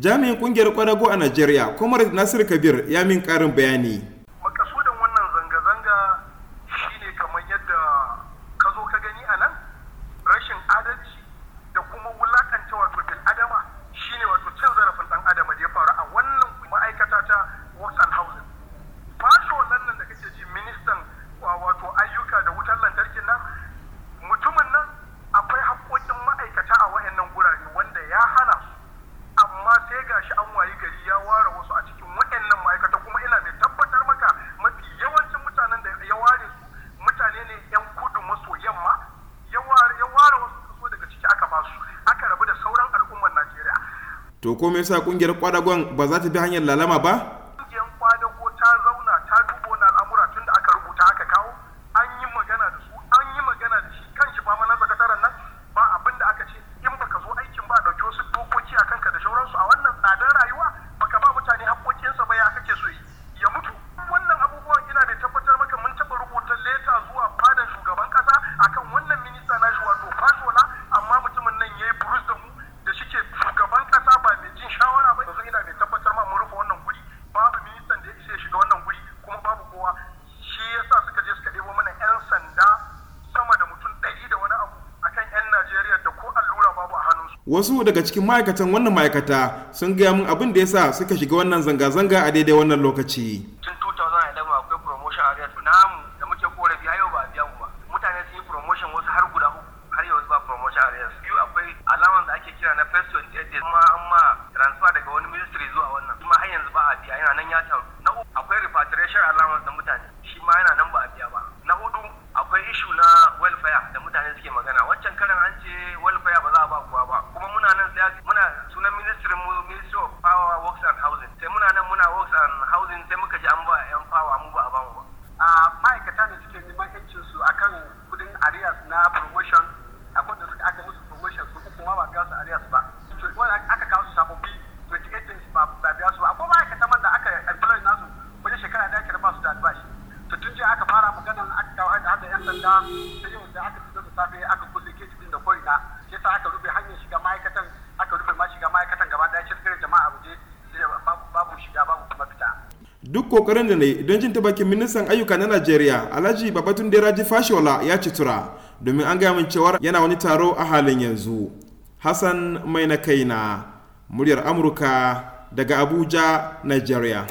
jami'in kungiyar kwadago a najeriya comrade nasir kabir ya min karin bayani kansu aka rabu da sauran al'ummar najeriya to ko me yasa kungiyar kwadagon ba za ta bi hanyar lalama ba wasu daga cikin ma'aikatan wannan ma'aikata sun gaya min abin da ya sa suka shiga wannan zanga-zanga a daidai wannan lokaci tun 2011 akwai promotion a namu da muke kore a yau ba a biya mu ba mutane sun yi promotion wasu har guda uku har yau ba promotion a biyu akwai alaman da ake kira na first 28 days kuma an ma transfer daga wani ministry zuwa wannan kuma har yanzu ba a biya yana nan ya taru na uku akwai repatriation allowance da mutane shi ma yana nan ba a biya ba na hudu akwai issue na welfare da mutane suke magana Wancan karan an ce welfare ba za a ba kuwa siyasa muna sunan ministry mu ministry of power works and housing sai muna nan muna works and housing sai muka ji an ba yan power mu ba a bamu ba a ma'aikata ne suke neman yancin su akan kudin arias na promotion akwai da suka aka musu promotion su kuma ba biya su arias ba to wani aka kawo su bi 28 days ba biya su ba akwai ma'aikata man da aka employ nasu wajen shekara da ake ba su da albashi to tun jiya aka fara maganan aka kawo hada yan sanda sai yau da aka fito da safe aka kulle gate din da kori koina yasa aka rufe hanyar shirkar jama'a waje babu shiga babu kuma fita. Duk kokarin da ne don jin bakin ministan ayyuka na Najeriya Alhaji Babatun Deraji Fashola ya ci tura domin an gaya min cewa yana wani taro a halin yanzu. Hassan Mai na kaina, muryar Amurka daga Abuja, Najeriya.